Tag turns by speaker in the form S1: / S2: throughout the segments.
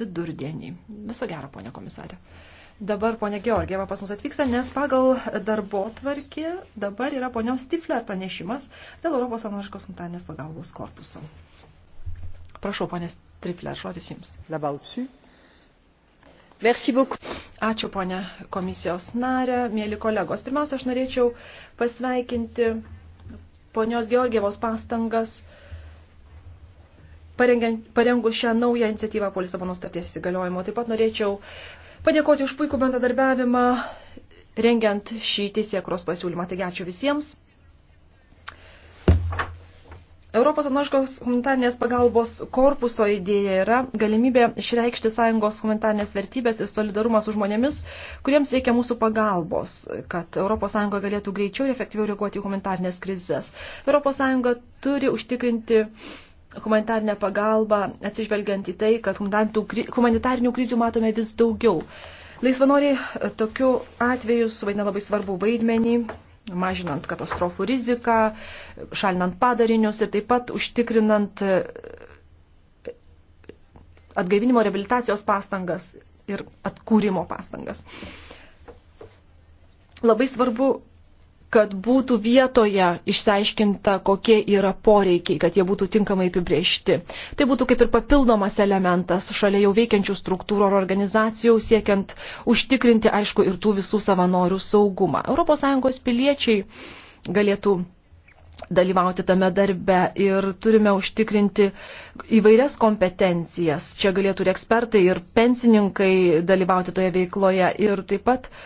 S1: vidurdienį. Viso gero, ponė komisarė. Dabar ponė Georgieva pas mus atvyksta, nes pagal darbo tvarkį dabar yra ponios Stifler pranešimas dėl Europos savanoriškos kompanijos pagalbos korpuso. Prašau, ponės Trifler, žodis jums. Merci beaucoup. Ačiū, ponė komisijos narė, mėly kolegos. Pirmiausia, aš norėčiau pasveikinti ponios Georgievos pastangas parengus šią naują iniciatyvą po Lisabono starties įsigaliojimo. Taip pat norėčiau padėkoti už puikų bendradarbiavimą, rengiant šį teisėkros pasiūlymą. Taigi ačiū visiems. Europos anoškos humanitarnės pagalbos korpuso idėja yra galimybė išreikšti sąjungos humanitarnės vertybės ir solidarumą su žmonėmis, kuriems reikia mūsų pagalbos, kad ES galėtų greičiau ir efektyviau reaguoti į humanitarnės krizės. ES turi užtikrinti uh, humanitarinę pagalbą, atsižvelgiant į tai, kad humanitarinių krizių matome vis daugiau. Laisvanoriai e, tokiu atveju suvaidina labai svarbu vaidmenį, mažinant katastrofų riziką, šalinant padarinius ir taip pat užtikrinant e, atgaivinimo reabilitacijos pastangas ir atkūrimo pastangas. Labai svarbu kad būtų vietoje išsiaiškinta, kokie yra poreikiai, kad jie būtų tinkamai apibriešti. Tai būtų kaip ir papildomas elementas šalia jau veikiančių struktūrų ar organizacijų, siekiant užtikrinti, aišku, ir tų visų savanorių saugumą. ES piliečiai galėtų dalyvauti tame darbe ir turime užtikrinti įvairias kompetencijas. Čia galėtų ir ekspertai, ir pensininkai dalyvauti toje veikloje ir taip pat uh,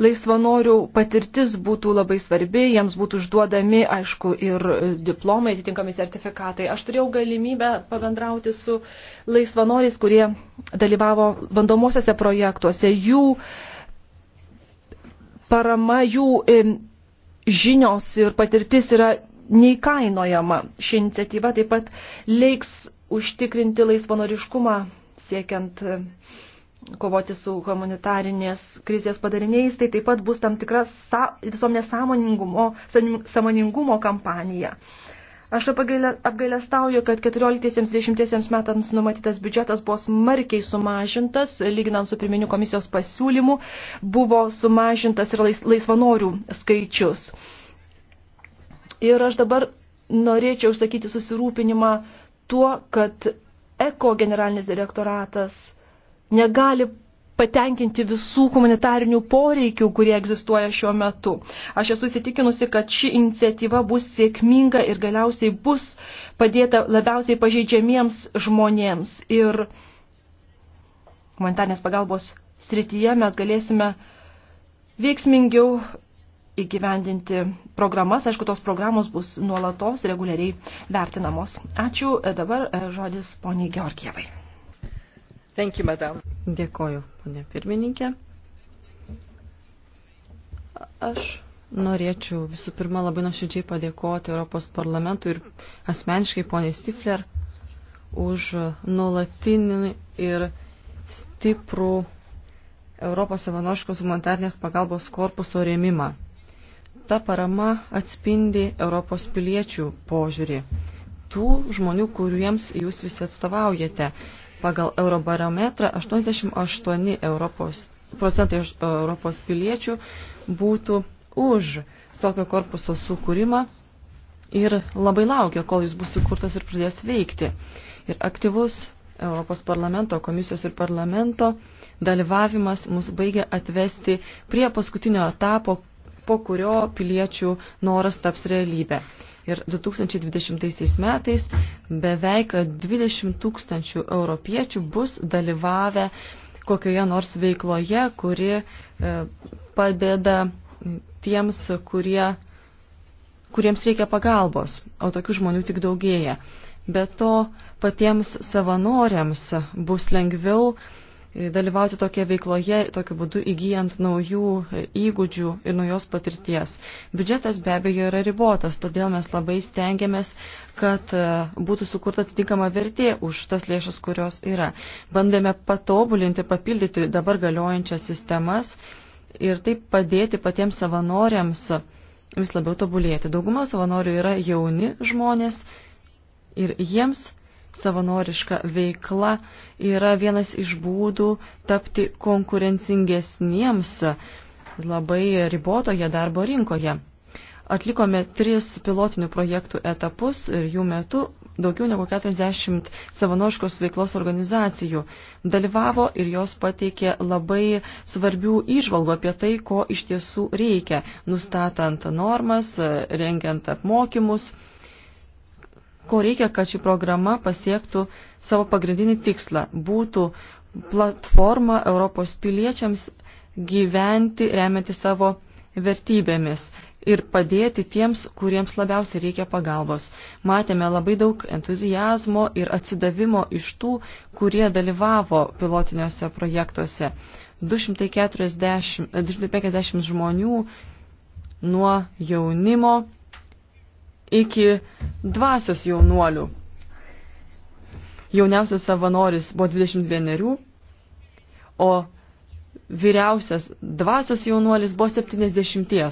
S1: laisvanorių patirtis būtų labai svarbi, jiems būtų užduodami, aišku, ir diplomai, atitinkami sertifikatai. Aš turėjau galimybę pabendrauti su laisvanoriais, kurie dalyvavo bandomosiose projektuose. Jų parama, jų e, žinios ir patirtis yra neįkainojama. Ši iniciatyva taip pat leiks užtikrinti laisvanoriškumą siekiant e, kovoti su humanitarinės krizės padariniais, tai taip pat bus tam tikra sa, visuomenės sąmoningumo, sąmoningumo kampanija. Aš apgailestauju, kad 14-20 metams numatytas biudžetas buvo smarkiai sumažintas, lyginant su pirminiu komisijos pasiūlymu, buvo sumažintas ir lais, laisvanorių skaičius. Ir aš dabar norėčiau užsakyti susirūpinimą tuo, kad ECO generalinis direktoratas negali patenkinti visų humanitarinių poreikių, kurie egzistuoja šiuo metu. Aš esu įsitikinusi, kad ši iniciatyva bus sėkminga ir galiausiai bus padėta labiausiai pažeidžiamiems žmonėms. Ir humanitarnės pagalbos srityje mes galėsime veiksmingiau įgyvendinti programas. Aišku, tos programos bus nuolatos reguliariai vertinamos. Ačiū. Dabar e, žodis poniai Georgievai. Thank you, madam.
S2: Dėkoju, ponė pirmininkė. Aš norėčiau visų pirma labai nuoširdžiai padėkoti Europos parlamentui ir asmeniškai poniai Stifler už nuolatinį ir stiprų Europos savanoriškos humanitarnės pagalbos korpuso rėmimą. Ta parama atspindi Europos piliečių požiūrį. Tų žmonių, kuriems jūs visi atstovaujate. Pagal Eurobarometrą 88 Europos, procentai e, Europos piliečių būtų už tokio korpuso sukūrimą ir labai laukia, kol jis bus įkurtas ir pradės veikti. Ir aktyvus Europos parlamento, komisijos ir parlamento dalyvavimas mus baigia atvesti prie paskutinio etapo, po kurio piliečių noras taps realybė. Ir 2020 metais beveik 20 tūkstančių europiečių bus dalyvavę kokioje nors veikloje, kuri e, padeda tiems, kurie, kuriems reikia pagalbos, o tokių žmonių tik daugėja. Be to, patiems savanoriams bus lengviau uh, dalyvauti tokie veikloje, tokiu būdu įgyjant naujų e, įgūdžių ir naujos patirties. Biudžetas be abejo yra ribotas, todėl mes labai stengiamės, kad e, būtų sukurta atitinkama vertė už tas lėšas, kurios yra. Bandėme patobulinti, papildyti dabar galiojančias sistemas ir taip padėti patiems savanoriams vis labiau tobulėti. Dauguma savanorių yra jauni žmonės ir jiems savanoriška veikla yra vienas iš būdų tapti konkurencingesniems labai ribotoje darbo rinkoje. Atlikome tris pilotinių projektų etapus ir jų metu daugiau negu 40 savanoriškos veiklos organizacijų dalyvavo ir jos pateikė labai svarbių išvalgų apie tai, ko iš tiesų reikia, nustatant normas, rengiant apmokymus ko reikia, kad ši programa pasiektų savo pagrindinį tikslą - būtų platforma Europos piliečiams gyventi, remianti savo vertybėmis ir padėti tiems, kuriems labiausiai reikia pagalbos. Matėme labai daug entuzijazmo ir atsidavimo iš tų, kurie dalyvavo pilotiniuose projektuose. 240, 250 žmonių nuo jaunimo iki dvasios jaunuolių. Jauniausias savanoris buvo 21, o vyriausias dvasios jaunuolis buvo 70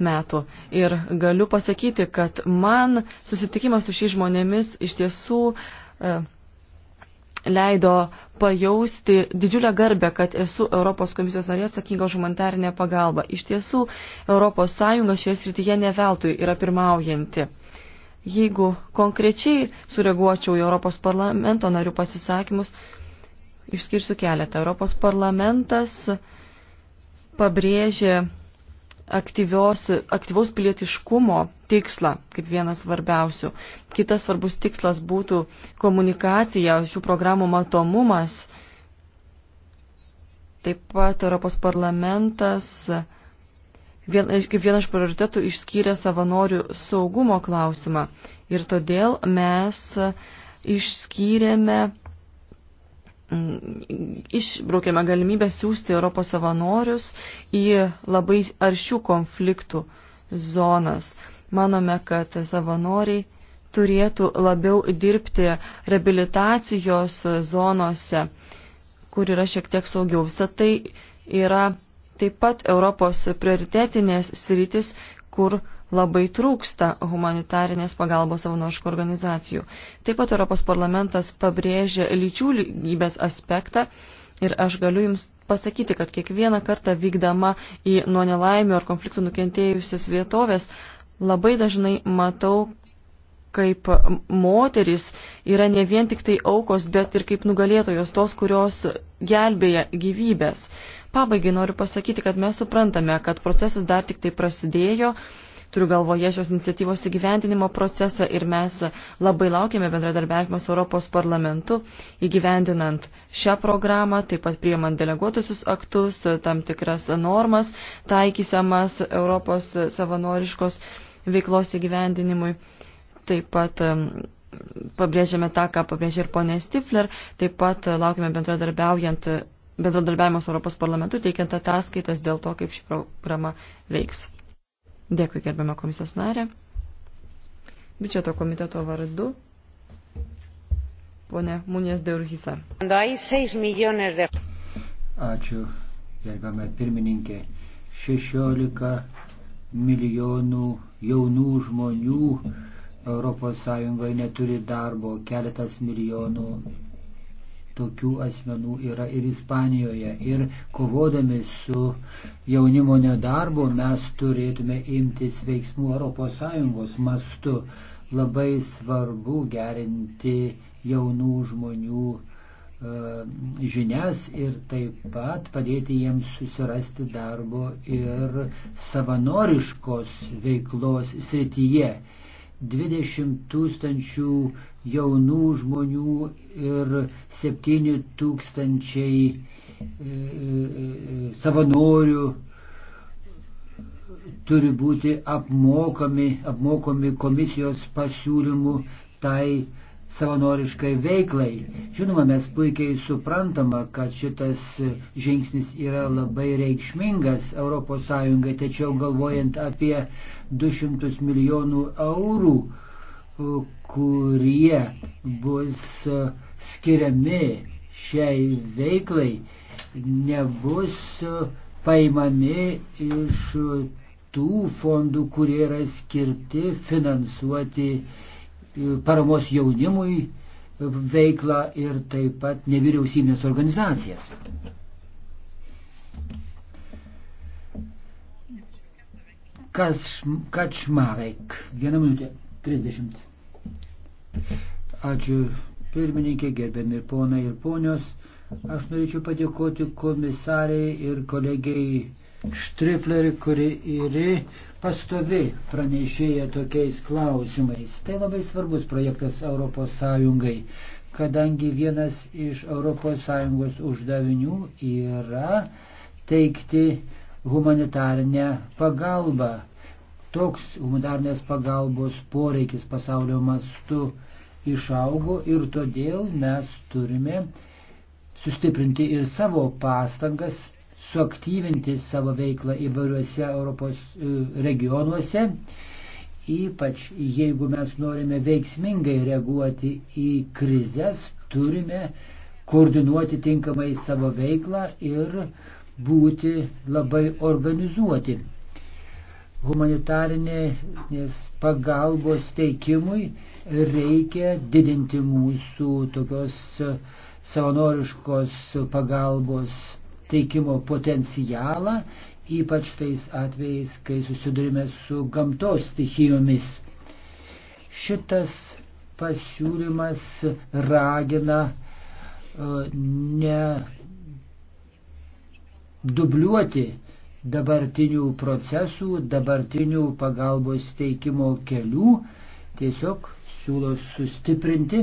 S2: metų. Ir galiu pasakyti, kad man susitikimas su šiais žmonėmis iš tiesų uh, leido pajausti didžiulę garbę, kad esu Europos komisijos narė atsakinga už humanitarinę pagalbą. Iš tiesų, ES šioje srityje neveltui yra pirmaujanti. Jeigu konkrečiai sureaguočiau į Europos parlamento narių pasisakymus, išskirsiu keletą. Europos parlamentas pabrėžė aktyvios, aktyvaus pilietiškumo tikslą kaip vienas svarbiausių. Kitas svarbus tikslas būtų komunikacija, šių programų matomumas. Taip pat Europos parlamentas vien, kaip vieną iš prioritetų išskyrė savanorių saugumo klausimą. Ir todėl mes išskyrėme Mm, išbraukėme galimybę siūsti Europos savanorius į labai aršių konfliktų zonas. Manome, kad savanoriai turėtų labiau dirbti reabilitacijos zonose, kur yra šiek tiek saugiau. Visą tai yra taip pat Europos prioritetinės sritis, kur labai trūksta humanitarinės pagalbos savanoriškų organizacijų. Taip pat Europos parlamentas pabrėžė lyčių lygybės aspektą ir aš galiu Jums pasakyti, kad kiekvieną kartą vykdama į nuo nelaimio ar konfliktų nukentėjusias vietovės labai dažnai matau, kaip moteris yra ne vien tik tai aukos, bet ir kaip nugalėtojos tos, kurios gelbėja gyvybės. Pabaigai noriu pasakyti, kad mes suprantame, kad procesas dar tik tai prasidėjo Turiu galvoje šios iniciatyvos įgyvendinimo procesą ir mes labai laukiame bendradarbiavimo su Europos parlamentu įgyvendinant šią programą, taip pat priemant deleguotusius aktus, tam tikras normas taikysiamas Europos savanoriškos veiklos įgyvendinimui. Taip pat pabrėžiame tą, ką pabrėžė ir ponė Stifler, taip pat laukime bendradarbiaujant bendradarbiavimas Europos parlamentu, teikiant ataskaitas dėl to, kaip ši programa veiks. Dėkui, gerbiamą komisijos narę. Biudžeto komiteto vardu. Pone Munės Deurhisa.
S3: Ačiū, gerbiamą pirmininkę. 16 milijonų jaunų žmonių ES neturi darbo, keletas milijonų tokių asmenų yra ir Ispanijoje. Ir kovodami su jaunimo nedarbu mes turėtume imtis veiksmų ES mastu. Labai svarbu gerinti jaunų žmonių e, žinias ir taip pat padėti jiems susirasti darbo ir savanoriškos veiklos srityje. 20 tūkstančių jaunų žmonių ir 7 tūkstančiai e, e, e, savanorių turi būti apmokami, apmokomi komisijos pasiūlymų tai savanoriškai veiklai. Žinoma, mes puikiai suprantama, kad šitas žingsnis yra labai reikšmingas ES, tačiau galvojant apie 200 milijonų eurų, kurie bus skiriami šiai veiklai, nebus paimami iš tų fondų, kurie yra skirti finansuoti e, paramos jaunimui e, veiklą ir taip pat nevyriausybinės organizacijas. Kas, Kačmarek, vieną minutę. 30. Ačiū pirmininkė, gerbiami ponai ir ponios. Aš norėčiau padėkoti komisariai ir kolegiai Štrifleri, kuri yra pastovi pranešėja tokiais klausimais. Tai labai svarbus projektas ES, kadangi vienas iš ES uždavinių yra teikti humanitarinę pagalbą toks humanitarnės pagalbos poreikis pasaulio mastu išaugo ir todėl mes turime sustiprinti ir savo pastangas, suaktyvinti savo veiklą įvairiuose Europos e, regionuose, ypač jeigu mes norime veiksmingai reaguoti į krizės, turime koordinuoti tinkamai savo veiklą ir būti labai organizuoti humanitarinės pagalbos teikimui reikia didinti mūsų tokios savanoriškos pagalbos teikimo potencialą, ypač tais atvejais, kai susidurime su gamtos stichijomis. Šitas pasiūlymas ragina e, ne dubliuoti uh, dabartinių procesų, dabartinių pagalbos teikimo kelių, tiesiog siūlo sustiprinti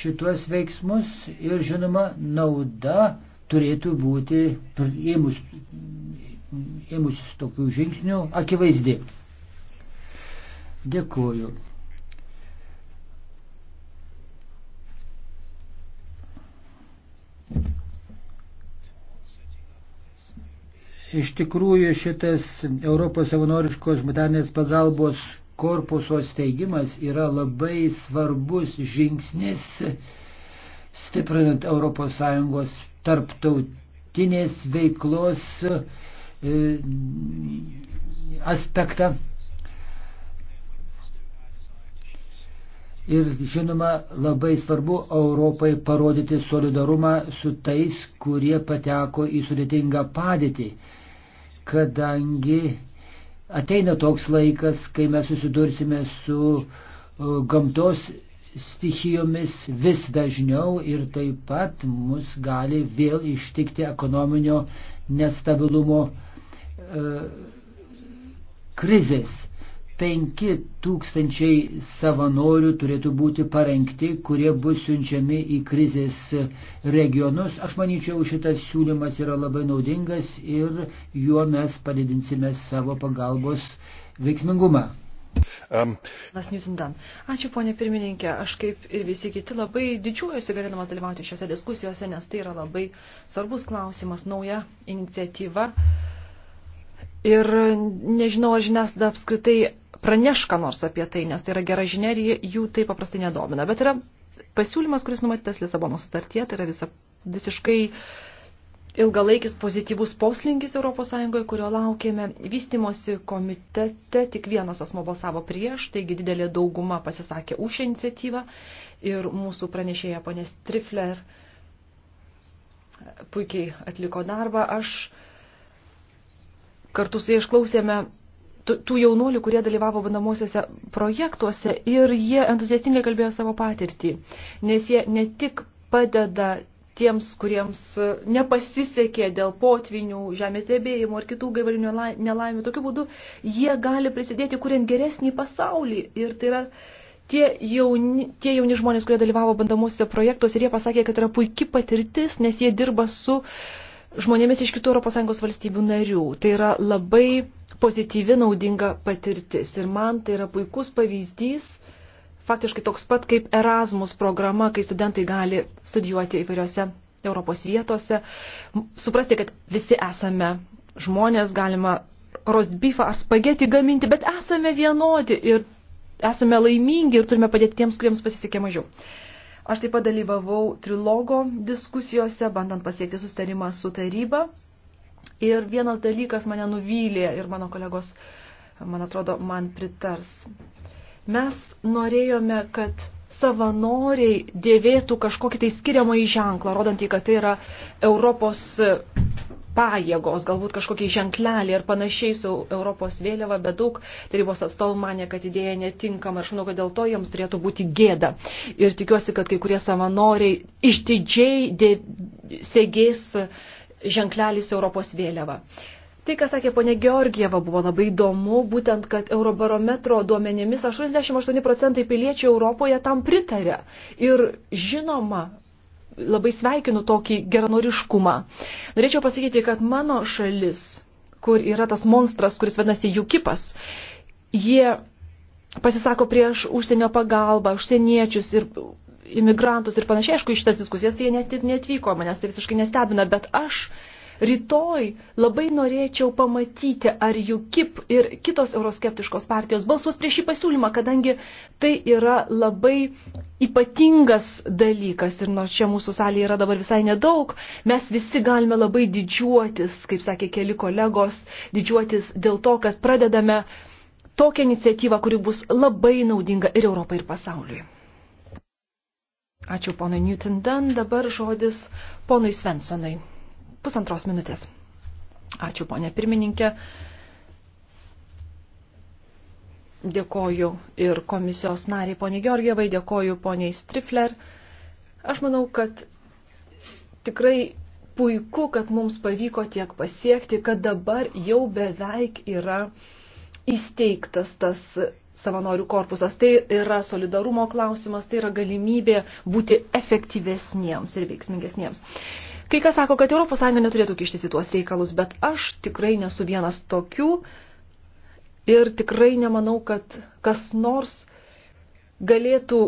S3: šituos veiksmus ir žinoma nauda turėtų būti ėmus, ėmus tokių žingsnių akivaizdi. Dėkuoju. Iš tikrųjų šitas Europos savanoriškos humanitarnės pagalbos korpuso steigimas yra labai svarbus žingsnis stiprinant ES tarptautinės veiklos e, aspektą. Ir žinoma, labai svarbu Europai parodyti solidarumą su tais, kurie pateko į sudėtingą padėtį kadangi ateina toks laikas, kai mes susidursime su e, gamtos stichijomis vis dažniau ir taip pat mus gali vėl ištikti ekonominio nestabilumo e, krizės. 5 tūkstančiai savanorių turėtų būti parengti, kurie bus siunčiami į krizės regionus. Aš manyčiau, šitas siūlymas yra labai naudingas ir juo mes padidinsime savo pagalbos veiksmingumą. Um.
S1: Ačiū, ponė pirmininkė. Aš kaip ir visi kiti labai didžiuojuosi galėdamas dalyvauti šiuose diskusijose, nes tai yra labai svarbus klausimas, nauja iniciatyva. Ir nežinau, ar žiniasklaida apskritai praneš ką nors apie tai, nes tai yra gera žinia ir jų tai paprastai nedomina. Bet yra pasiūlymas, kuris numatytas Lisabono sutartie, tai yra visa, visiškai ilgalaikis pozityvus poslinkis ES, kurio laukėme. Vystimosi komitete tik vienas asmo balsavo prieš, taigi didelė dauguma pasisakė už šią iniciatyvą ir mūsų pranešėja ponė Strifler puikiai atliko darbą. Aš kartu su jie išklausėme tų jaunuolių, kurie dalyvavo bandamosiuose projektuose ir jie entuziastingai kalbėjo savo patirtį, nes jie ne tik padeda tiems, kuriems e, nepasisekė dėl potvinių, žemės debėjimų ar kitų gaivalinių nelaimių. Tokiu būdu jie gali prisidėti, kuriant geresnį pasaulį. Ir tai yra tie jauni, tie jauni žmonės, kurie dalyvavo bandamuose projektuose, ir jie pasakė, kad yra puikia patirtis, nes jie dirba su žmonėmis iš kitų ES valstybių narių. Tai yra labai pozityvi, naudinga patirtis. Ir man tai yra puikus pavyzdys, faktiškai toks pat kaip Erasmus programa, kai studentai gali studijuoti įvairiose Europos vietose, suprasti, kad visi esame žmonės, galima rostbifą ar spagetį gaminti, bet esame vienodi ir esame laimingi ir turime padėti tiems, kuriems pasisekė mažiau. Aš taip pat dalyvavau trilogo diskusijose, bandant pasiekti sustarimą su taryba Ir vienas dalykas mane nuvylė ir mano kolegos, man atrodo, man pritars. Mes norėjome, kad savanoriai dėvėtų kažkokį tai skiriamą į ženklą, rodantį, kad tai yra Europos pajėgos, galbūt kažkokie ženkleliai ir panašiai su Europos vėliava, bet daug tarybos atstovų manė, kad idėja netinkama ir aš manau, kad dėl to jiems turėtų būti gėda. Ir tikiuosi, kad kai kurie savanoriai išdidžiai segės dė ženklelis Europos vėliava. Tai, ką sakė ponė Georgieva, buvo labai įdomu, būtent, kad Eurobarometro duomenėmis 88 procentai piliečių Europoje tam pritarė. Ir žinoma, labai sveikinu tokį geranoriškumą. Norėčiau pasakyti, kad mano šalis, kur yra tas monstras, kuris vadinasi Jukipas, jie pasisako prieš užsienio pagalbą, užsieniečius ir imigrantus ir panašiai, aišku, iš tas diskusijas tai jie net netvyko, manęs tai visiškai nestebina, bet aš rytoj labai norėčiau pamatyti, ar UKIP ir kitos euroskeptiškos partijos balsuos prieš šį pasiūlymą, kadangi tai yra labai ypatingas dalykas ir nors čia mūsų salėje yra dabar visai nedaug, mes visi galime labai didžiuotis, kaip sakė keli kolegos, didžiuotis dėl to, kad pradedame tokią iniciatyvą, kuri bus labai naudinga ir Europai, ir pasauliui. Ačiū ponui Newton Dunn. Dabar žodis ponui Svensonui. Pusantros minutės. Ačiū ponė pirmininkė. Dėkoju ir komisijos nariai poniai Georgievai, dėkoju poniai Strifler. Aš manau, kad tikrai puiku, kad mums pavyko tiek pasiekti, kad dabar jau beveik yra įsteigtas tas savanorių korpusas. Tai yra solidarumo klausimas, tai yra galimybė būti efektyvesniems ir veiksmingesniems. Kai kas sako, kad ES neturėtų kištis į tuos reikalus, bet aš tikrai nesu vienas tokių ir tikrai nemanau, kad kas nors galėtų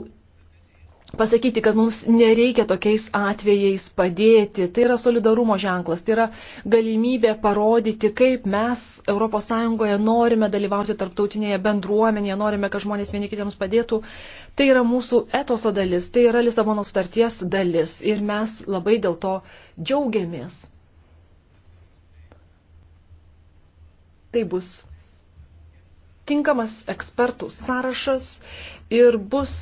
S1: pasakyti, kad mums nereikia tokiais atvejais padėti. Tai yra solidarumo ženklas, tai yra galimybė parodyti, kaip mes ES norime dalyvauti tarptautinėje bendruomenėje, norime, kad žmonės vieni kitiems padėtų. Tai yra mūsų etoso dalis, tai yra Lisabono sutarties dalis ir mes labai dėl to džiaugiamės. Tai bus tinkamas ekspertų sąrašas ir bus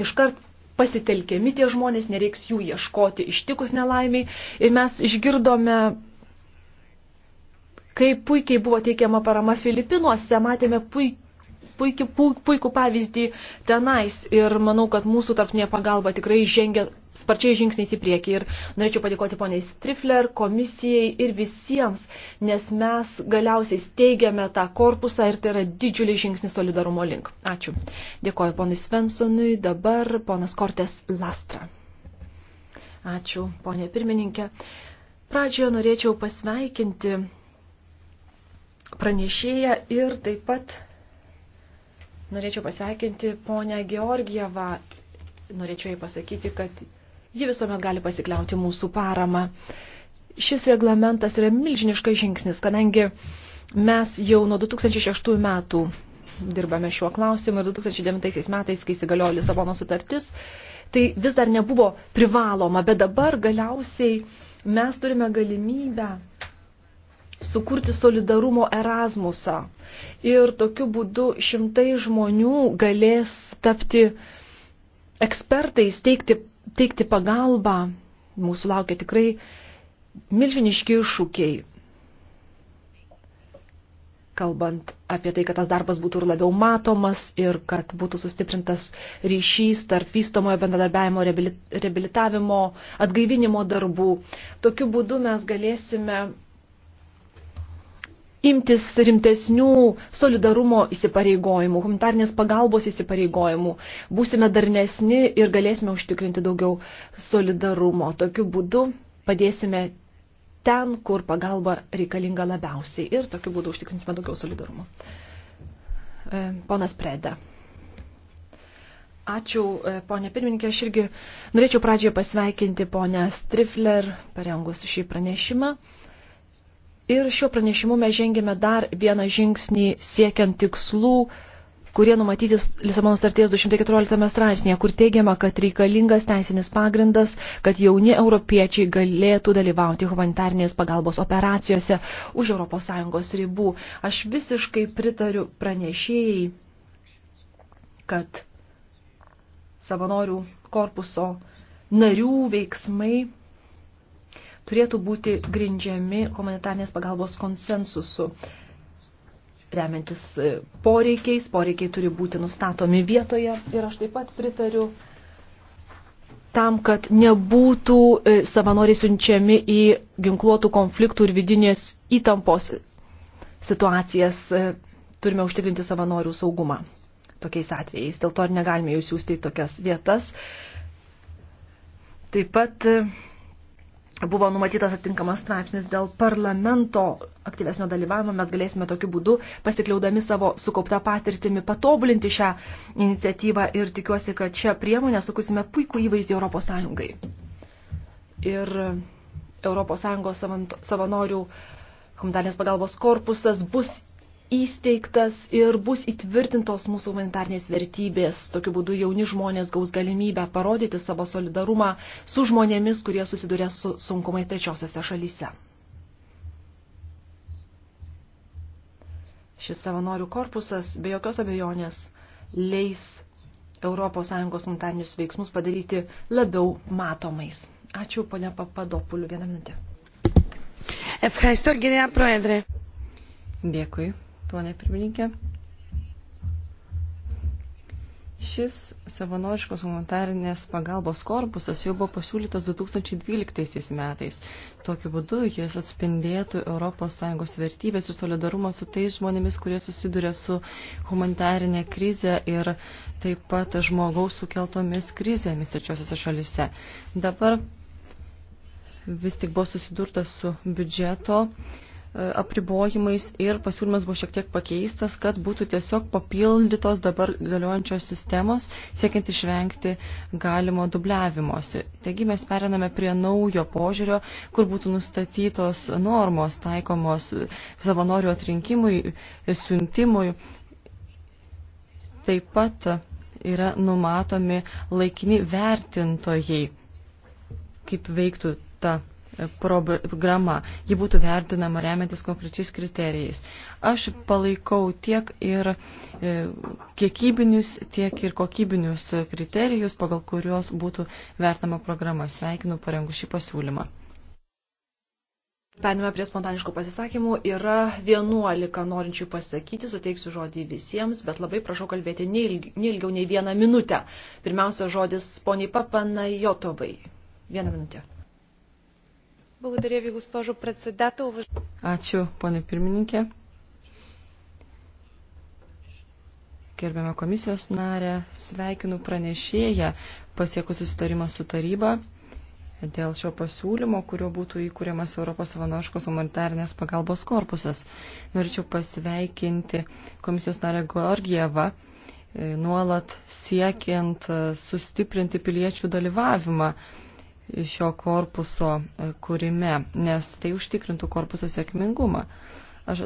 S1: iškart pasitelkiami tie žmonės, nereiks jų ieškoti ištikus nelaimiai. Ir mes išgirdome, kaip puikiai buvo teikiama parama Filipinuose, matėme puikiai puikų, puikų pavyzdį tenais ir manau, kad mūsų tarptinė pagalba tikrai žengia sparčiai žingsniais į priekį. Ir norėčiau padėkoti poniai Strifler, komisijai ir visiems, nes mes galiausiai steigiame tą korpusą ir tai yra didžiulis žingsnis solidarumo link. Ačiū. Dėkoju ponui Svensonui, dabar ponas Kortes Lastra. Ačiū, ponė pirmininkė. Pradžioje norėčiau pasveikinti pranešėją ir taip pat norėčiau pasveikinti ponę Georgievą norėčiau jai pasakyti, kad ji visuomet gali pasikliauti mūsų paramą. Šis reglamentas yra milžiniškas žingsnis, kadangi mes jau nuo 2006 metų dirbame šiuo klausimu ir 2009 metais, kai įsigaliojo Lisabono sutartis, tai vis dar nebuvo privaloma, bet dabar galiausiai mes turime galimybę sukurti solidarumo Erasmusą. Ir tokiu būdu šimtai žmonių galės tapti ekspertais, teikti teikti pagalbą. Mūsų laukia tikrai milžiniški iššūkiai. Kalbant apie tai, kad tas darbas būtų ir labiau matomas ir kad būtų sustiprintas ryšys tarp vystomojo bendradarbiavimo, reabilitavimo, atgaivinimo darbų. Tokiu būdu mes galėsime imtis rimtesnių solidarumo įsipareigojimų, humanitarnės pagalbos įsipareigojimų. Būsime darnesni ir galėsime užtikrinti daugiau solidarumo. Tokiu būdu padėsime ten, kur pagalba reikalinga labiausiai ir tokiu būdu užtikrinsime daugiau solidarumo. E, ponas Preda. Ačiū, e, ponė pirmininkė. Aš irgi norėčiau pradžioje pasveikinti ponę Strifler, parengus šį pranešimą. Ir šiuo pranešimu mes žengėme dar vieną žingsnį siekiant tikslų, kurie numatyti Lisabono starties 214 straipsnėje, kur teigiama, kad reikalingas teisinis pagrindas, kad jauni europiečiai galėtų dalyvauti humanitarnės pagalbos operacijose už ES ribų. Aš visiškai pritariu pranešėjai, kad savanorių korpuso narių veiksmai turėtų būti grindžiami humanitarnės pagalbos konsensusu. Remiantis e, poreikiais, poreikiai turi būti nustatomi vietoje ir aš taip pat pritariu tam, kad nebūtų e, savanoriai siunčiami į ginkluotų konfliktų ir vidinės įtampos situacijas, e, turime užtikrinti savanorių saugumą tokiais atvejais. Dėl to ir negalime jų siūsti į tokias vietas. Taip pat buvo numatytas atitinkamas straipsnis dėl parlamento aktyvesnio dalyvavimo, mes galėsime tokiu būdu, pasikliaudami savo sukauptą patirtimi, patobulinti šią iniciatyvą ir tikiuosi, kad šią priemonę sukusime puikų įvaizdį Europos Sąjungai. Ir Europos Sąjungos savanorių humanitarės pagalbos korpusas bus įsteigtas ir bus įtvirtintos mūsų humanitarnės vertybės. Tokiu būdu jauni žmonės gaus galimybę parodyti savo solidarumą su žmonėmis, kurie susiduria su sunkumais trečiosiose šalyse. Šis savanorių korpusas be jokios abejonės leis ES humanitarnius veiksmus padaryti labiau matomais. Ačiū, ponia
S2: Papadopuliu, vieną minutę. Ευχαριστώ, κυρία Πρόεδρε. Dėkui, ponė pirmininkė. Šis savanoriškos humanitarinės pagalbos korpusas jau buvo pasiūlytas 2012 metais. Tokiu būdu jis atspindėtų ES vertybės ir solidarumą su tais žmonėmis, kurie susiduria su humanitarinė krize ir taip pat žmogaus sukeltomis krizėmis trečiosiuose šalise. Dabar vis tik buvo susidurta su biudžeto uh, apribojimais ir pasiūlymas buvo šiek tiek pakeistas, kad būtų tiesiog papildytos dabar galiojančios sistemos, siekiant išvengti galimo dubliavimuose. Taigi mes periname prie naujo požiūrio, kur būtų nustatytos normos taikomos savanorių atrinkimui, siuntimui. Taip pat yra numatomi laikini vertintojai, kaip veiktų ta programa. Ji būtų vertinama remiantis konkrečiais kriterijais. Aš palaikau tiek ir e, kiekybinius, tiek ir kokybinius kriterijus, pagal kuriuos būtų vertama programa. Sveikinu parengu šį pasiūlymą.
S1: Penime prie spontaniškų pasisakymų yra 11 norinčių pasakyti, suteiksiu žodį visiems, bet labai prašau kalbėti neilgiau nei vieną minutę. Pirmiausia, žodis poniai Papanajotovai. Vieną minutę. Благодаря ви, госпожо председател.
S2: Ačiū, ponė pirmininkė. Gerbiamą komisijos narę, sveikinu pranešėją pasiekus susitarimą su taryba dėl šio pasiūlymo, kurio būtų įkūriamas Europos savanoriškos humanitarnės pagalbos korpusas. Norėčiau pasveikinti komisijos narę Gorgievą e, nuolat siekiant sustiprinti piliečių dalyvavimą šio korpuso e, kūrime, nes tai užtikrintų korpuso sėkmingumą. Aš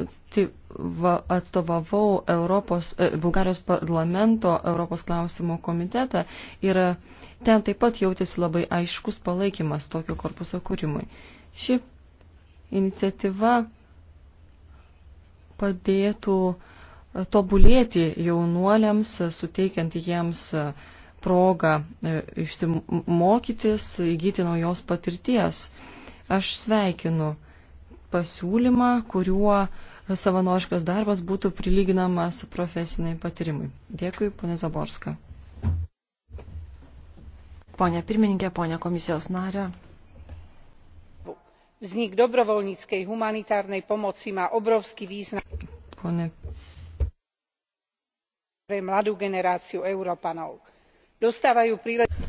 S2: atstovavau Europos, e, Bulgarijos parlamento Europos klausimų komitetą ir e, ten taip pat jautėsi labai aiškus palaikymas tokio korpuso kūrimui. Ši iniciatyva padėtų tobulėti jaunuoliams, suteikiant jiems uh, progą e, išsimokytis, įgyti naujos patirties. Aš sveikinu pasiūlymą, kuriuo savanoriškas darbas būtų prilyginamas profesiniai patirimui. Dėkui, ponė Zaborska. Pone pirmininkė, ponė komisijos narė.
S3: Vznik dobrovoľníckej humanitárnej pomoci má obrovský význam pone... pre mladú generáciu Európanov dostávajú príležitosť.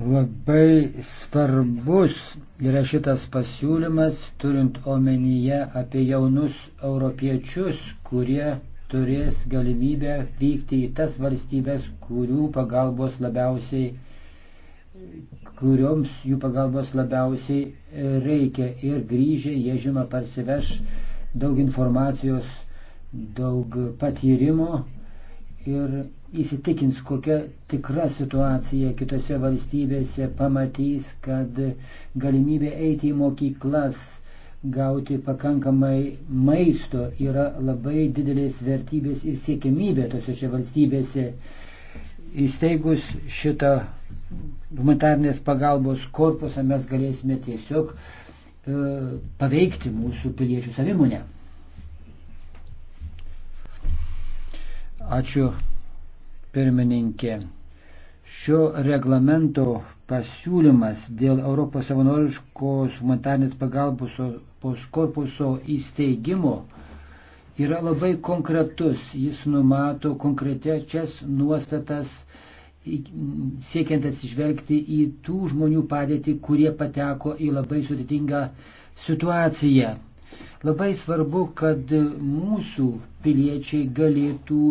S3: Labai svarbus yra šitas pasiūlymas, turint omenyje apie jaunus europiečius, kurie turės galimybę vykti į tas valstybės, kurių pagalbos labiausiai, kurioms jų pagalbos labiausiai reikia. Ir grįžę jie, žinoma, parsiveš daug informacijos, daug patyrimo, ir įsitikins, kokia tikra situacija kitose valstybėse, pamatys, kad galimybė eiti į mokyklas, gauti pakankamai maisto yra labai didelės vertybės ir siekimybė tose valstybėse. Įsteigus šitą humanitarnės pagalbos korpusą mes galėsime tiesiog e, paveikti mūsų piliečių savimonę. Ačiū pirmininkė. Šio reglamento pasiūlymas dėl Europos savanoriškos humanitarnės pagalbos korpuso įsteigimo yra labai konkretus. Jis numato konkrečias nuostatas siekiant atsižvelgti į tų žmonių padėtį, kurie pateko į labai sudėtingą situaciją. Labai svarbu, kad mūsų piliečiai galėtų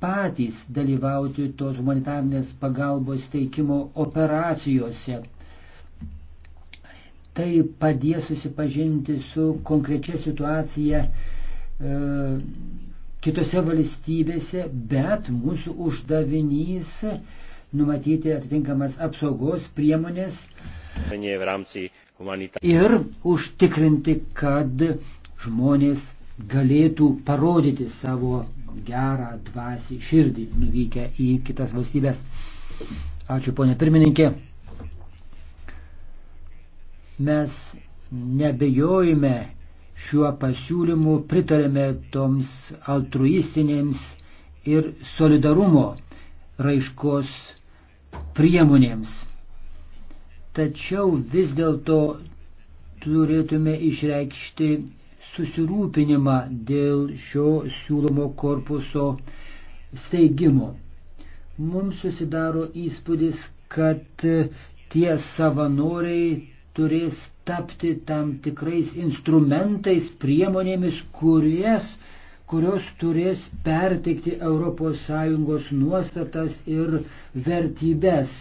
S3: patys dalyvauti tos humanitarnės pagalbos teikimo operacijose. Tai padės susipažinti su konkrečia situacija e, kitose valstybėse, bet mūsų uždavinys numatyti atitinkamas apsaugos priemonės ir užtikrinti, kad žmonės galėtų parodyti savo gerą dvasį širdį nuvykę į kitas valstybės. Ačiū, ponė pirmininkė. Mes nebejojime šiuo pasiūlymu, pritarėme toms altruistinėms ir solidarumo raiškos priemonėms. Tačiau vis dėlto turėtume išreikšti susirūpinimą dėl šio siūlomo korpuso steigimo. Mums susidaro įspūdis, kad tie savanoriai turės tapti tam tikrais instrumentais, priemonėmis, kurias, kurios turės perteikti ES nuostatas ir vertybės.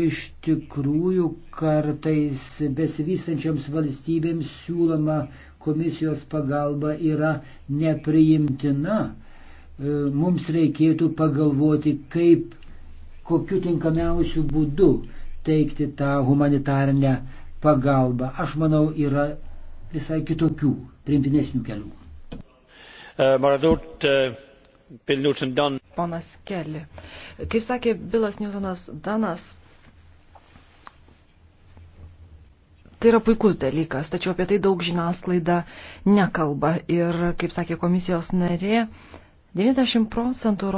S3: Iš tikrųjų, kartais besivystančiams valstybėms siūloma komisijos pagalba yra nepriimtina. E, mums reikėtų pagalvoti, kaip, kokiu tinkamiausiu būdu teikti tą humanitarinę pagalbą. Aš manau, yra visai kitokių, priimtinesnių kelių. E, e, Ponas Kelly.
S1: Kaip sakė Bilas Newtonas Danas, Tai yra puikus dalykas, tačiau apie tai daug žiniasklaida nekalba. Ir, kaip sakė komisijos narė, 90 procentų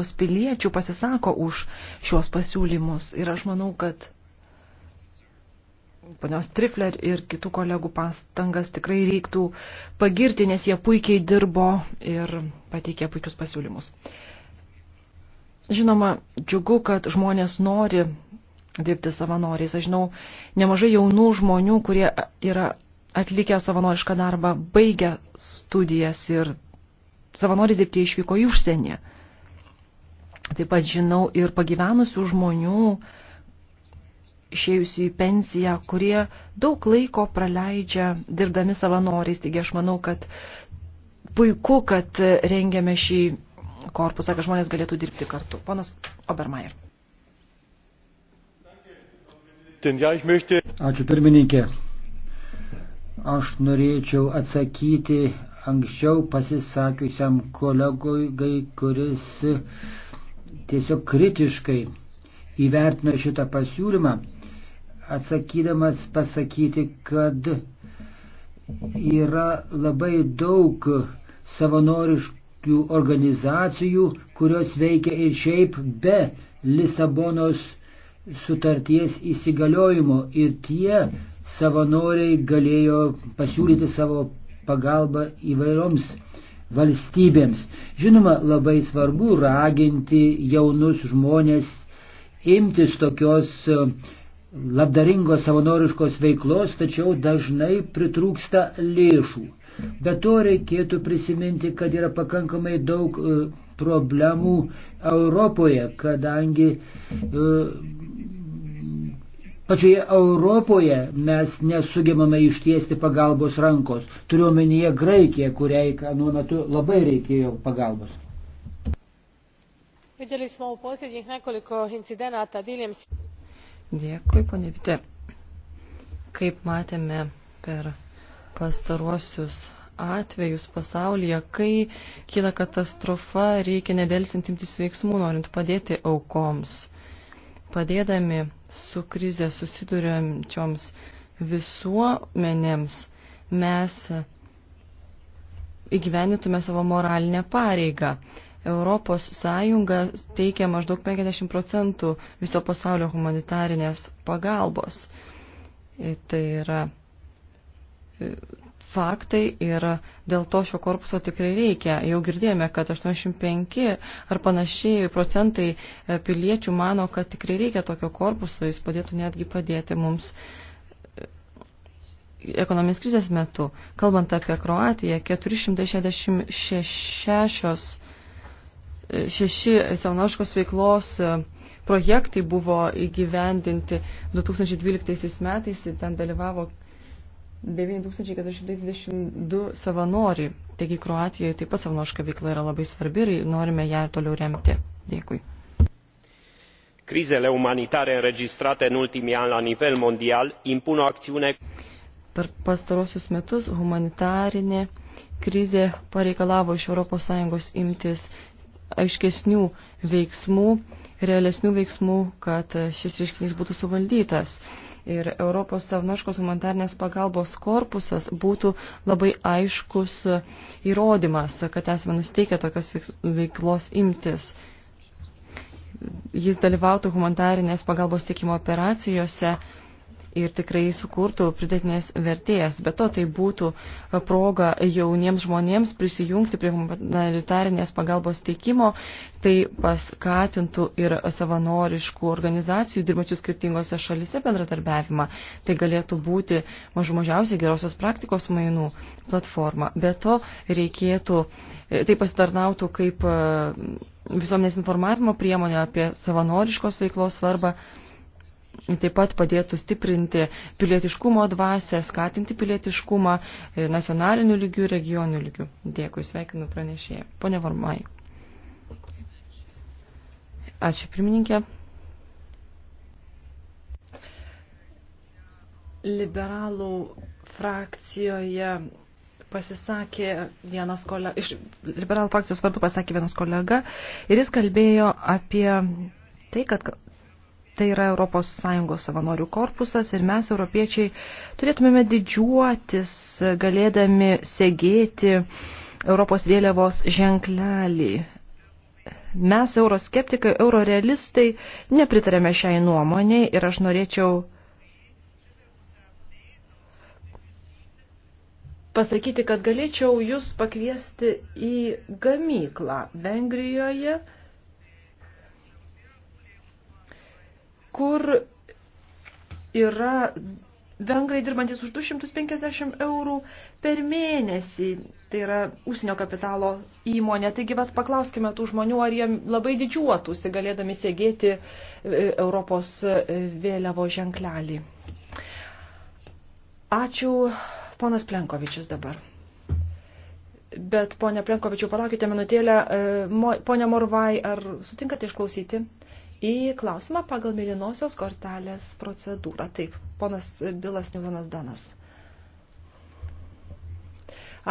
S1: ES piliečių pasisako už šiuos pasiūlymus. Ir aš manau, kad ponios Trifler ir kitų kolegų pastangas tikrai reiktų pagirti, nes jie puikiai dirbo ir pateikė puikius pasiūlymus. Žinoma, džiugu, kad žmonės nori dirbti savanoriais. Aš žinau nemažai jaunų žmonių, kurie yra atlikę savanorišką darbą, baigę studijas ir savanoris dirbti išvyko į užsienį. Taip pat žinau ir pagyvenusių žmonių, išėjusių į pensiją, kurie daug laiko praleidžia dirbdami savanoriais. Taigi aš manau, kad puiku, kad rengiame šį korpusą, kad žmonės galėtų dirbti kartu. Ponas Obermeier.
S3: Ačiū pirmininkė. Aš norėčiau atsakyti anksčiau pasisakiusiam kolegui, kuris tiesiog kritiškai įvertino šitą pasiūlymą, atsakydamas pasakyti, kad yra labai daug savanoriškų organizacijų, kurios veikia ir šiaip be Lisabonos sutarties įsigaliojimo ir tie savanoriai galėjo pasiūlyti savo pagalbą įvairioms valstybėms. Žinoma, labai svarbu raginti jaunus žmonės imtis tokios e, labdaringos savanoriškos veiklos, tačiau dažnai pritrūksta lėšų. Be to reikėtų prisiminti, kad yra pakankamai daug e, problemų Europoje, kadangi e, pačioje Europoje mes nesugebame ištiesti pagalbos rankos. Turiuomenyje Graikiją, kuriai nuo metu labai reikėjo pagalbos.
S2: Vidjeli smo u posljednjih nekoliko incidenata diljem...
S3: Dėkui, ponė Vite.
S2: Kaip matėme per pastaruosius atvejus pasaulyje, kai kyla katastrofa, reikia nedelsinti imtis veiksmų, norint padėti aukoms padėdami su krize susiduriančioms visuomenėms, mes įgyvenytume savo moralinę pareigą. Europos Sąjunga teikia maždaug 50 procentų viso pasaulio humanitarinės pagalbos. Tai yra faktai ir dėl to šio korpuso tikrai reikia. Jau girdėjome, kad 85 ar panašiai procentai e, piliečių mano, kad tikrai reikia tokio korpuso, jis padėtų netgi padėti mums e, ekonomijos krizės metu. Kalbant apie Kroatiją, 466 e, šeši savanoriškos veiklos projektai buvo įgyvendinti 2012 metais, ten dalyvavo 9422 savanoriai. Taigi Kroatijoje taip pat savanoriška veikla yra labai svarbi ir norime ją ir toliau remti. Dėkui.
S3: Crizele umanitare înregistrate în ultimii ani la nivel mondial impun o acțiune.
S2: Per pastarosius metus humanitarinė krizė pareikalavo iš ES imtis aiškesnių veiksmų, realesnių veiksmų, kad šis reiškinys būtų suvaldytas ir Europos savanoriškos humanitarnės pagalbos korpusas būtų labai aiškus įrodymas, kad esame nusteikę tokios veiklos imtis. Jis dalyvautų humanitarinės pagalbos teikimo operacijose ir tikrai sukurtų pridėtinės vertės. Be to, tai būtų proga jauniems žmonėms prisijungti prie humanitarinės pagalbos teikimo, tai paskatintų ir savanoriškų organizacijų dirbančių skirtingose šalise bendradarbiavimą. Tai galėtų būti mažų mažiausiai gerosios praktikos mainų platforma. Be to, reikėtų, tai pasitarnautų kaip visuomenės informavimo priemonė apie savanoriškos veiklos svarbą taip pat padėtų stiprinti pilietiškumo dvasę, skatinti pilietiškumą e, nacionaliniu lygiu, regioniu lygiu. Dėkui, sveikinu pranešėją. Pone Varmai. Ačiū, pirmininkė.
S1: Liberalų frakcijoje pasisakė vienas kolega, iš liberalų frakcijos vardu pasakė vienas kolega ir jis kalbėjo apie tai, kad Tai yra ES savanorių korpusas ir mes, europiečiai, turėtumėme didžiuotis, galėdami segėti Europos vėliavos ženklelį. Mes, euroskeptikai, eurorealistai, nepritarėme šiai nuomonėj ir aš norėčiau pasakyti, kad galėčiau jūs pakviesti į gamyklą Vengrijoje kur yra vengrai dirbantis už 250 eurų per mėnesį. Tai yra užsienio kapitalo įmonė. Taigi, bet paklauskime tų žmonių, ar jie labai didžiuotųsi galėdami sėgėti e, Europos e, vėliavo ženklelį. Ačiū, ponas Plenkovičius dabar. Bet, ponė Plenkovičiu, palaukite minutėlę. E, ponė Morvai, ar sutinkate išklausyti? į klausimą pagal mėlynosios kortelės procedūrą. Taip, ponas Bilas Niuganas Danas.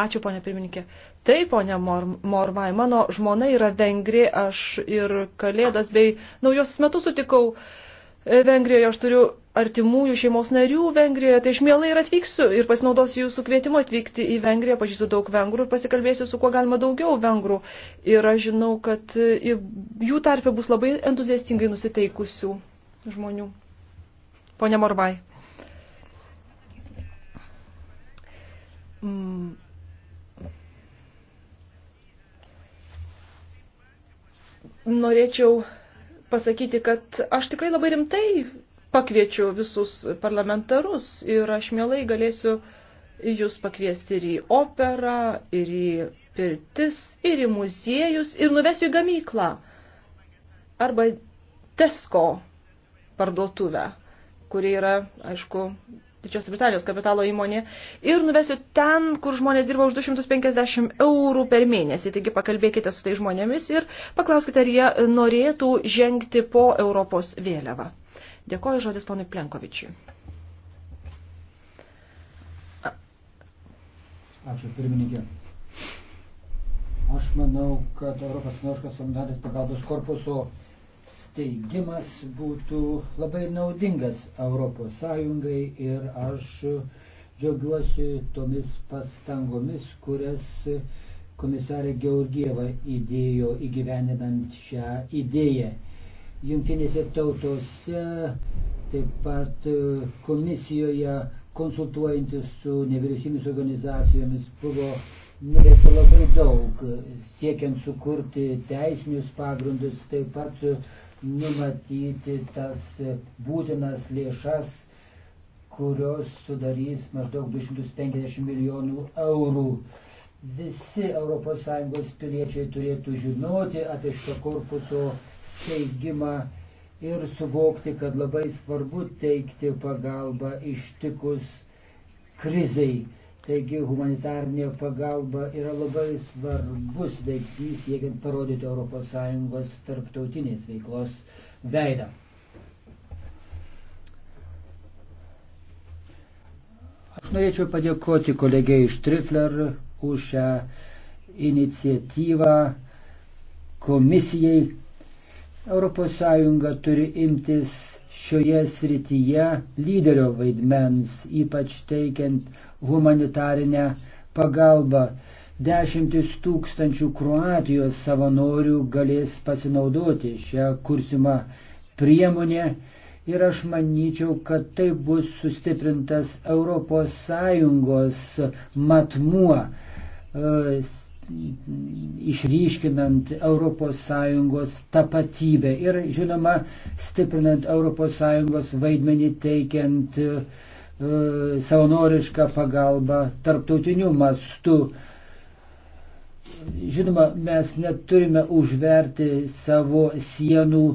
S1: Ačiū, ponė pirmininkė. Taip, ponė Mor Mormai, mano žmona yra vengrė, aš ir kalėdas bei naujosius metus sutikau e, Vengrijoje, aš turiu artimųjų šeimos narių Vengrijoje, tai aš mielai ir atvyksiu ir pasinaudosiu jūsų kvietimu atvykti į Vengriją, pažįstu daug vengrų ir pasikalbėsiu su kuo galima daugiau vengrų. Ir aš žinau, kad e, jų tarpe bus labai entuziastingai nusiteikusių žmonių. Pone Morvai. Mm. Norėčiau pasakyti, kad aš tikrai labai rimtai pakviečiu visus parlamentarus ir aš mielai galėsiu jūs pakviesti ir į operą, ir į pirtis, ir į muziejus, ir nuvesiu į gamyklą arba Tesco parduotuvę, kuri yra, aišku, Didžios Britanijos kapitalo įmonė, ir nuvesiu ten, kur žmonės dirba už 250 eurų per mėnesį. Taigi pakalbėkite su tai žmonėmis ir paklauskite, ar jie norėtų žengti po Europos vėliavą. Dėkoju žodis ponui Plenkovičiui.
S3: Ačiū, pirmininkė. Aš manau, kad Europos Sąjungos Solidarinės pagalbos korpuso steigimas būtų labai naudingas Europos Sąjungai ir aš džiaugiuosi tomis pastangomis, kurias komisarė Georgieva įdėjo įgyveninant šią idėją jungtinėse tautose, taip pat e, komisijoje konsultuojantis su nevyriausybės organizacijomis buvo nuveikta labai daug, siekiant sukurti teisinius pagrindus, taip pat numatyti tas būtinas lėšas, kurios sudarys maždaug 250 milijonų eurų. Visi ES piliečiai turėtų žinoti apie šio korpuso steigimą ir suvokti, kad labai svarbu teikti pagalbą ištikus krizai. Taigi humanitarnė pagalba yra labai svarbus veiksnys siekiant parodyti ES tarptautinės veiklos veidą. Aš norėčiau padėkoti kolegiai iš Trifler už šią iniciatyvą komisijai ES turi imtis šioje srityje lyderio vaidmens, ypač teikiant humanitarinę pagalbą. Dešimtis tūkstančių Kroatijos savanorių galės pasinaudoti šią kursimą priemonę ir aš manyčiau, kad tai bus sustiprintas ES matmuo e, išryškinant ES tapatybę ir, žinoma, stiprinant ES vaidmenį teikiant e, savanorišką pagalbą tarptautiniu mastu. Žinoma, mes neturime užverti savo sienų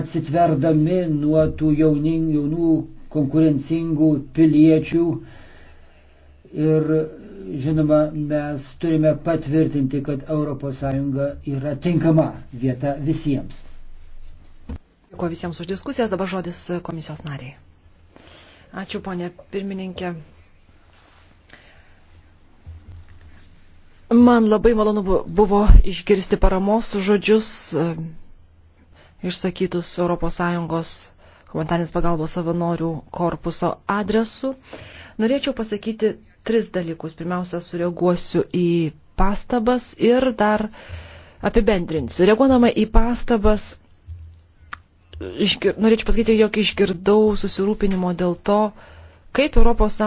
S3: atsitverdami nuo tų jaunin, jaunų konkurencingų piliečių ir žinoma, mes turime patvirtinti, kad ES yra tinkama vieta visiems.
S1: Dėkuoju visiems už diskusijas, dabar žodis komisijos nariai. Ačiū, ponė pirmininkė. Man labai malonu buvo išgirsti paramos žodžius e, išsakytus ES humanitarės pagalbos savanorių korpuso adresu. Norėčiau pasakyti tris dalykus. Pirmiausia, sureaguosiu į pastabas ir dar apibendrinsiu. Reaguodama į pastabas, išgir, norėčiau pasakyti, jog išgirdau susirūpinimo dėl to, kaip ES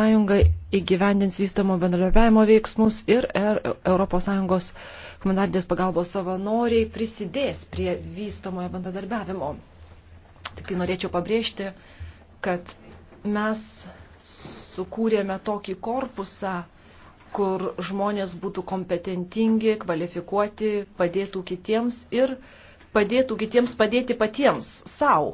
S1: įgyvendins vystamo bendradarbiavimo veiksmus ir ES humanitarinės pagalbos savanoriai prisidės prie vystamojo bendradarbiavimo. Tik tai norėčiau pabrėžti, kad mes sukūrėme tokį korpusą, kur žmonės būtų kompetentingi, kvalifikuoti, padėtų kitiems ir padėtų kitiems padėti patiems savo.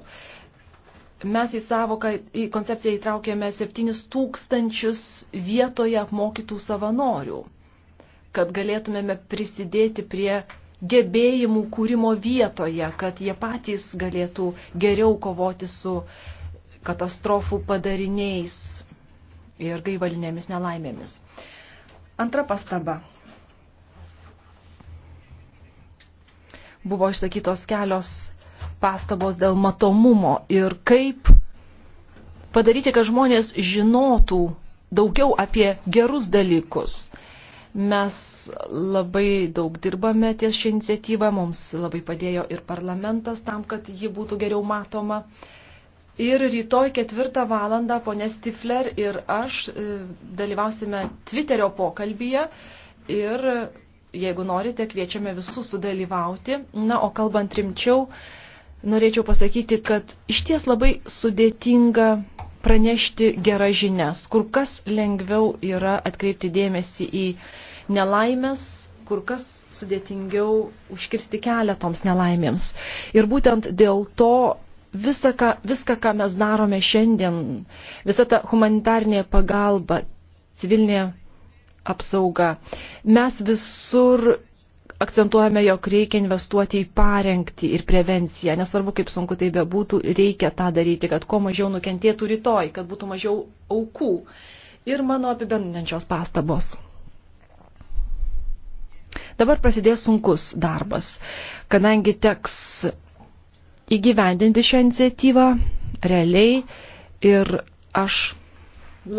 S1: Mes į savoką, į koncepciją įtraukėme 7 tūkstančius vietoje apmokytų savanorių, kad galėtumėme prisidėti prie gebėjimų kūrimo vietoje, kad jie patys galėtų geriau kovoti su katastrofų padariniais, ir gaivalinėmis nelaimėmis. Antra pastaba. Buvo išsakytos kelios pastabos dėl matomumo ir kaip padaryti, kad žmonės žinotų daugiau apie gerus dalykus. Mes labai daug dirbame ties šią iniciatyvą, mums labai padėjo ir parlamentas tam, kad ji būtų geriau matoma. Uh, Ir rytoj ketvirtą valandą ponė Stifler ir aš e, dalyvausime Twitterio pokalbyje ir jeigu norite, kviečiame visus sudalyvauti. Na, o kalbant rimčiau, norėčiau pasakyti, kad iš ties labai sudėtinga pranešti gerą žinias. Kur kas lengviau yra atkreipti dėmesį į nelaimės, kur kas sudėtingiau užkirsti kelią toms nelaimėms. Ir būtent dėl to visą, ką, viską, ką mes darome šiandien, visa ta humanitarnė pagalba, civilinė apsauga, mes visur akcentuojame, jog reikia investuoti į parengtį ir prevenciją. Nesvarbu, kaip sunku tai bebūtų, reikia tą daryti, kad kuo mažiau nukentėtų rytoj, kad būtų mažiau aukų. Ir mano apibendrinančios pastabos. Dabar prasidės sunkus darbas, kadangi teks įgyvendinti šią iniciatyvą realiai ir aš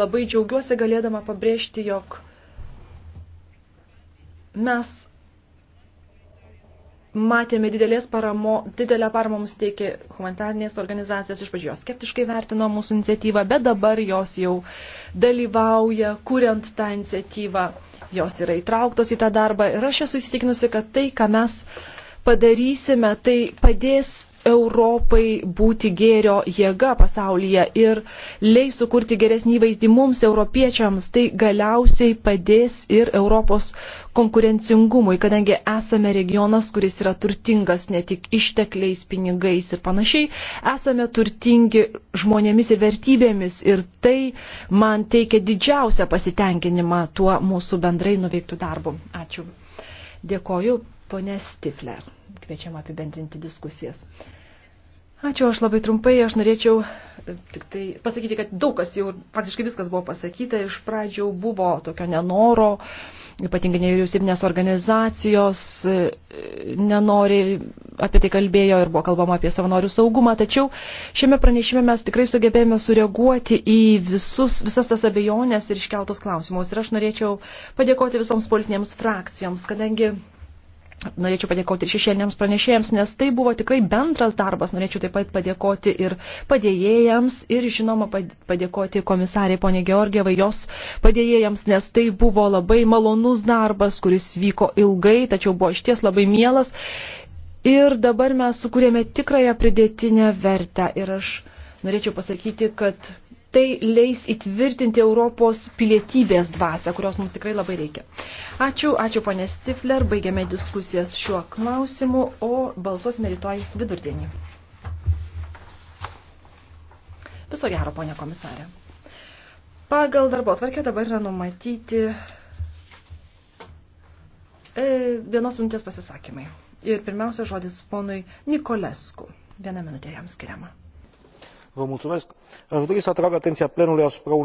S1: labai džiaugiuosi galėdama pabrėžti, jog mes matėme didelės paramo, didelę paramą mums teikė humanitarnės organizacijos, iš pradžių jos skeptiškai vertino mūsų iniciatyvą, bet dabar jos jau dalyvauja, kuriant tą iniciatyvą, jos yra įtrauktos į tą darbą ir aš esu įsitikinusi, kad tai, ką mes padarysime, tai padės Europai būti gėrio jėga pasaulyje ir leis sukurti geresnį įvaizdį mums, europiečiams, tai galiausiai padės ir Europos konkurencingumui, kadangi esame regionas, kuris yra turtingas ne tik ištekliais, pinigais ir panašiai, esame turtingi žmonėmis ir vertybėmis ir tai man teikia didžiausią pasitenkinimą tuo mūsų bendrai nuveiktų darbu. Ačiū. Dėkoju, ponė Stifler. Kviečiam apibendrinti diskusijas. Ačiū, aš labai trumpai, aš norėčiau e, tik tai pasakyti, kad daug kas jau, faktiškai viskas buvo pasakyta, iš pradžių buvo tokio nenoro, ypatingai nevyriausybinės organizacijos e, nenori apie tai kalbėjo ir buvo kalbama apie savanorių saugumą, tačiau šiame pranešime mes tikrai sugebėjome sureaguoti į visus, visas tas abejonės ir iškeltus klausimus. Ir aš norėčiau padėkoti visoms politinėms frakcijoms, kadangi Norėčiau padėkoti ir šešėliniams pranešėjams, nes tai buvo tikrai bendras darbas. Norėčiau taip pat padėkoti ir padėjėjams ir, žinoma, padėkoti komisarė ponė Georgieva, jos padėjėjams, nes tai buvo labai malonus darbas, kuris vyko ilgai, tačiau buvo išties labai mielas. Ir dabar mes sukūrėme tikrąją pridėtinę vertę. Ir aš norėčiau pasakyti, kad tai leis įtvirtinti Europos pilietybės dvasę, kurios mums tikrai labai reikia. Ačiū, ačiū ponė Stifler, baigiame diskusijas šiuo klausimu, o balsuosime rytoj vidurdienį. Viso gero, ponė komisarė. Pagal darbo tvarkę dabar yra numatyti e, vienos minutės pasisakymai. Ir pirmiausia žodis ponui Nikolesku. Vieną minutę jam skiriama aș dori să atrag atenția plenului asupra unei situații grave.